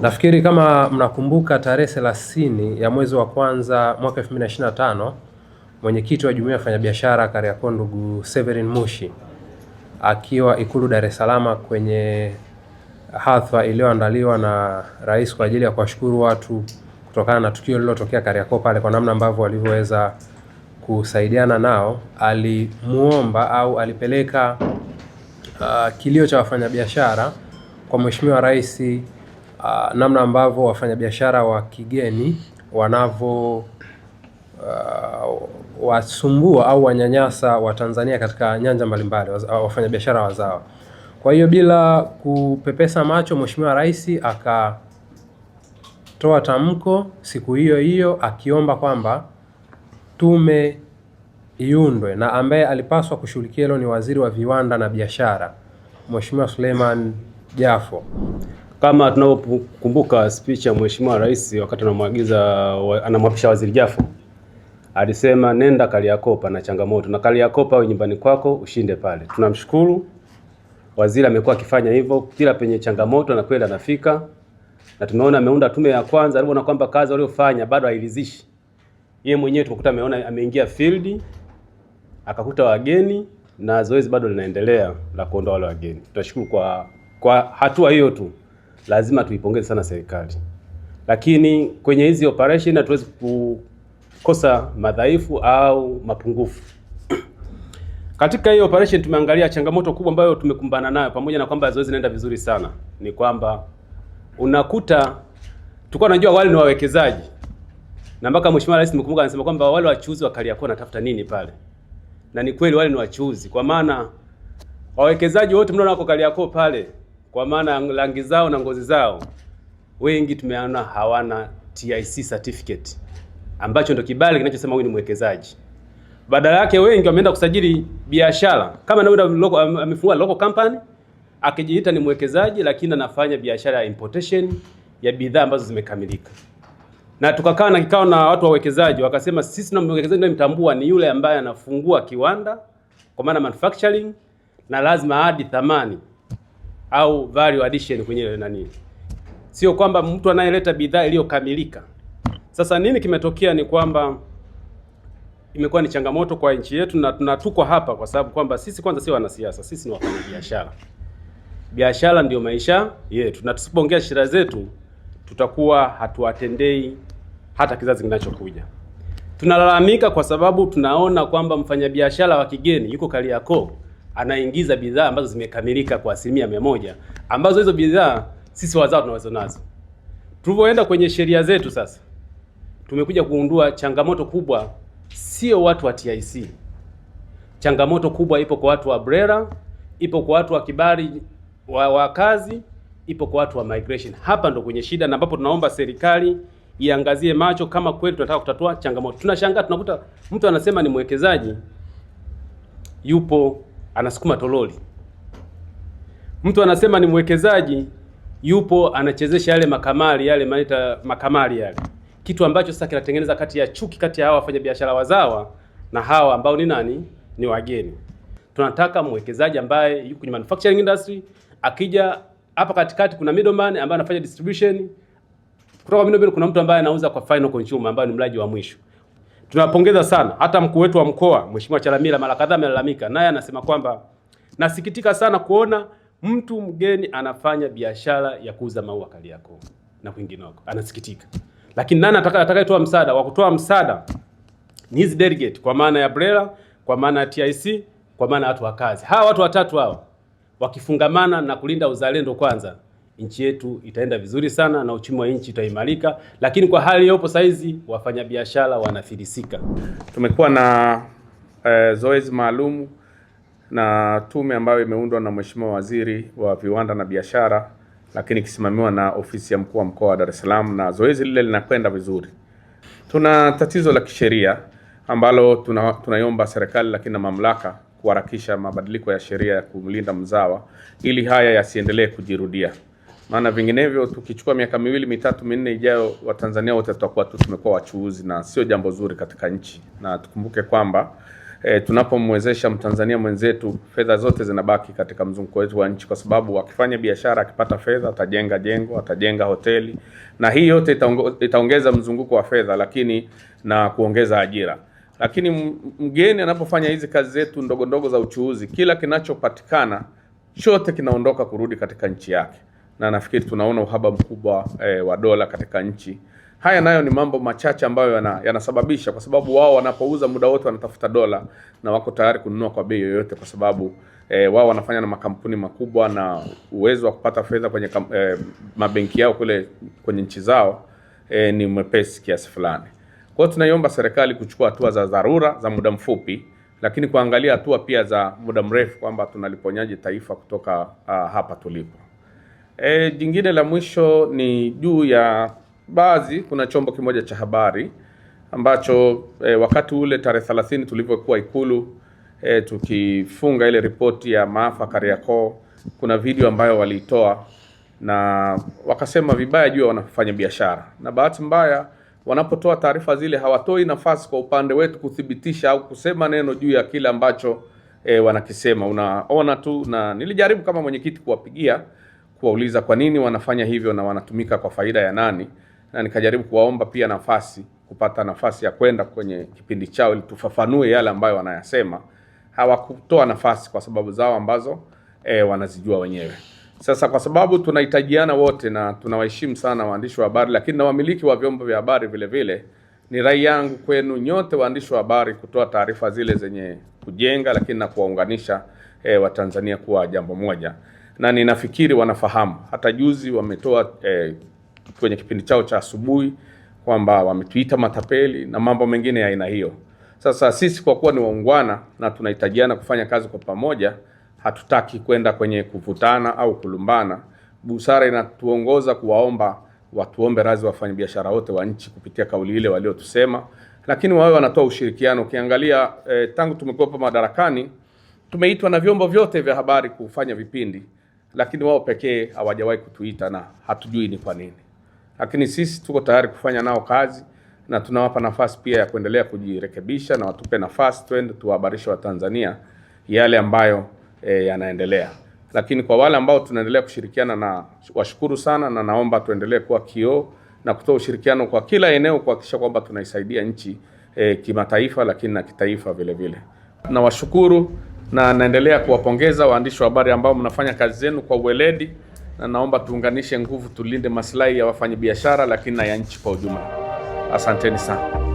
Nafikiri kama mnakumbuka tarehe 30 ya mwezi wa kwanza mwaka 2025 mwenyekiti wa jumuiya ya wafanyabiashara Kariakoo ndugu Severin Mushi akiwa Ikulu Dar es Salaam kwenye hadhara iliyoandaliwa na rais kwa ajili ya kuwashukuru watu kutokana na tukio lililotokea Kariakoo pale kwa namna ambavyo walivyoweza kusaidiana nao, alimuomba au alipeleka uh, kilio cha wafanyabiashara kwa Mheshimiwa Rais uh, namna ambavyo wafanyabiashara wa kigeni wanavyo uh, wasumbua au wanyanyasa Watanzania katika nyanja mbalimbali ah, wafanyabiashara wazawa. Kwa hiyo bila kupepesa macho, Mheshimiwa Rais akatoa tamko siku hiyo hiyo akiomba kwamba tume iundwe na ambaye alipaswa kushughulikia hilo ni Waziri wa Viwanda na Biashara Mheshimiwa Suleiman Jafo kama tunavyokumbuka speech ya Mheshimiwa Rais wakati anamwagiza wa, anamwapisha Waziri Jafo alisema nenda Kariakoo, pana changamoto na Kariakoo pawe nyumbani kwako, ushinde pale. Tunamshukuru waziri amekuwa akifanya hivyo, kila penye changamoto kwenda anafika, na tumeona ameunda tume ya kwanza. Aliona kwamba kazi aliyofanya bado hairidhishi, yeye mwenyewe tukakuta ameona, ameingia field akakuta wageni na zoezi bado linaendelea la kuondoa wale wageni. Tutashukuru kwa, kwa hatua hiyo tu lazima tuipongeze sana serikali, lakini kwenye hizi operation hatuwezi kukosa madhaifu au mapungufu. Katika hiyo operation tumeangalia changamoto kubwa ambayo tumekumbana nayo, pamoja na kwamba zoezi linaenda vizuri sana, ni kwamba unakuta tulikuwa tunajua wale ni wawekezaji, na mpaka Mheshimiwa Rais nimekumbuka anasema kwamba wale wachuuzi wa Kariakoo wanatafuta nini pale, na ni kweli wale ni wachuuzi, kwa maana wawekezaji wote mnaona wako Kariakoo pale kwa maana rangi zao na ngozi zao, wengi tumeona hawana TIC certificate ambacho ndio kibali kinachosema huyu ni mwekezaji. Badala yake wengi wameenda kusajili biashara, kama anaenda amefungua local company akijiita ni mwekezaji, lakini anafanya biashara ya importation ya bidhaa ambazo zimekamilika. Na tukakaa na kikao na watu wa wawekezaji, wakasema sisi na mwekezaji ndio mtambua ni yule ambaye anafungua kiwanda, kwa maana manufacturing, na lazima hadi thamani au value addition kwenye nani, sio kwamba mtu anayeleta bidhaa iliyokamilika. Sasa nini kimetokea? Ni kwamba imekuwa ni changamoto kwa nchi yetu, na tunatukwa hapa kwa sababu kwamba sisi kwanza sio wanasiasa, sisi ni wafanyabiashara. Biashara ndio maisha yetu, na tusipoongea shira zetu tutakuwa hatuwatendei hata kizazi kinachokuja. Tunalalamika kwa sababu tunaona kwamba mfanyabiashara wa kigeni yuko Kariakoo anaingiza bidhaa ambazo zimekamilika kwa asilimia mia moja ambazo hizo bidhaa sisi wazao tunaweza nazo. Tulivyoenda kwenye sheria zetu sasa, tumekuja kugundua changamoto kubwa sio watu wa TIC. Changamoto kubwa ipo kwa watu wa BRELA, ipo kwa watu wa kibali wa, wa kazi, ipo kwa watu wa migration. Hapa ndo kwenye shida na ambapo tunaomba serikali iangazie macho kama kweli tunataka kutatua changamoto. Tunashangaa tunakuta mtu anasema ni mwekezaji yupo anasukuma toroli. Mtu anasema ni mwekezaji, yupo anachezesha yale makamari yale, maita makamari yale, kitu ambacho sasa kinatengeneza kati ya chuki kati ya hawa wafanyabiashara wazawa na hawa ambao ni nani, ni wageni. Tunataka mwekezaji ambaye yuko kwenye manufacturing industry, akija hapa katikati kuna middleman ambaye anafanya distribution, kutoka middleman kuna mtu ambaye anauza kwa final consumer ambaye ni mlaji wa mwisho tunapongeza sana. Hata mkuu wetu wa mkoa Mheshimiwa Chalamila mara kadhaa amelalamika, naye anasema kwamba nasikitika sana kuona mtu mgeni anafanya biashara ya kuuza maua Kariakoo na kwingineko, anasikitika. Lakini nani atakayetoa msaada wa kutoa msaada? Ni hizi delegate, kwa maana ya BRELA, kwa maana ya TIC, kwa maana ya watu wa kazi. Hawa watu watatu hawa wakifungamana na kulinda uzalendo kwanza nchi yetu itaenda vizuri sana na uchumi wa nchi utaimarika, lakini kwa hali iliyopo saizi wafanyabiashara wanafilisika. Tumekuwa na e, zoezi maalum na tume ambayo imeundwa na Mheshimiwa Waziri wa Viwanda na Biashara, lakini ikisimamiwa na ofisi ya mkuu wa mkoa wa Dar es Salaam, na zoezi lile linakwenda vizuri. Tuna tatizo la kisheria ambalo tuna, tunaiomba serikali lakini na mamlaka kuharakisha mabadiliko ya sheria ya kumlinda mzawa ili haya yasiendelee kujirudia maana vinginevyo tukichukua miaka miwili mitatu minne ijayo, Watanzania wote tutakuwa tu tumekuwa wachuuzi na sio jambo zuri katika nchi, na tukumbuke kwamba e, tunapomwezesha Mtanzania mwenzetu fedha zote zinabaki katika mzunguko wetu wa nchi, kwa sababu akifanya biashara, akipata fedha, atajenga jengo, atajenga hoteli, na hii yote itaongeza mzunguko wa fedha, lakini na kuongeza ajira. Lakini mgeni anapofanya hizi kazi zetu ndogo ndogo za uchuuzi, kila kinachopatikana chote kinaondoka kurudi katika nchi yake na nafikiri tunaona uhaba mkubwa e, wa dola katika nchi. Haya nayo ni mambo machache ambayo yana, yanasababisha kwa sababu wao wanapouza muda wote wanatafuta dola na wako tayari kununua kwa bei yoyote, kwa sababu e, wao wanafanya na makampuni makubwa na uwezo wa kupata fedha kwenye e, mabenki yao kule kwenye nchi zao e, ni mwepesi kiasi fulani. Kwa hiyo tunaiomba serikali kuchukua hatua za dharura za muda mfupi, lakini kuangalia hatua pia za muda mrefu kwamba tunaliponyaje taifa kutoka a, ah, hapa tulipo. E, jingine la mwisho ni juu ya baadhi, kuna chombo kimoja cha habari ambacho e, wakati ule tarehe 30 tulivyokuwa Ikulu e, tukifunga ile ripoti ya maafa Kariakoo, kuna video ambayo waliitoa na wakasema vibaya juu ya wanafanya biashara, na bahati mbaya wanapotoa taarifa zile hawatoi nafasi kwa upande wetu kuthibitisha au kusema neno juu ya kile ambacho e, wanakisema. Unaona tu, na nilijaribu kama mwenyekiti kuwapigia kuwauliza kwa nini wanafanya hivyo na wanatumika kwa faida ya nani, na nikajaribu kuwaomba pia nafasi kupata nafasi ya kwenda kwenye kipindi chao ili tufafanue yale ambayo wanayasema. Hawakutoa nafasi kwa sababu zao ambazo e, wanazijua wenyewe. Sasa kwa sababu tunahitajiana wote na tunawaheshimu sana waandishi wa habari, lakini na wamiliki wa vyombo vya habari vile vile, ni rai yangu kwenu nyote waandishi wa habari kutoa taarifa zile zenye kujenga, lakini na kuwaunganisha e, Watanzania kuwa jambo moja na ninafikiri wanafahamu. Hata juzi wametoa eh, kwenye kipindi chao cha asubuhi kwamba wametuita matapeli na mambo mengine ya aina hiyo. Sasa sisi kwa kuwa ni waungwana na tunahitajiana kufanya kazi kwa pamoja, hatutaki kwenda kwenye kuvutana au kulumbana. Busara inatuongoza kuwaomba watuombe radhi wafanyabiashara wote wa nchi kupitia kauli ile waliotusema, lakini wawe wanatoa ushirikiano. Ukiangalia eh, tangu tumekuwa madarakani tumeitwa na vyombo vyote vya habari kufanya vipindi lakini wao pekee hawajawahi kutuita na hatujui ni kwa nini, lakini sisi tuko tayari kufanya nao kazi na tunawapa nafasi pia ya kuendelea kujirekebisha na watupe nafasi twende tuwahabarishe Watanzania yale ambayo e, yanaendelea. Lakini kwa wale ambao tunaendelea kushirikiana na washukuru sana, na naomba tuendelee kuwa kioo na kutoa ushirikiano kwa kila eneo kuhakikisha kwamba tunaisaidia nchi e, kimataifa, lakini na kitaifa vile vile. Nawashukuru na naendelea kuwapongeza waandishi wa habari ambao mnafanya kazi zenu kwa uweledi, na naomba tuunganishe nguvu, tulinde maslahi ya wafanyabiashara, lakini na ya nchi kwa ujumla. Asanteni sana.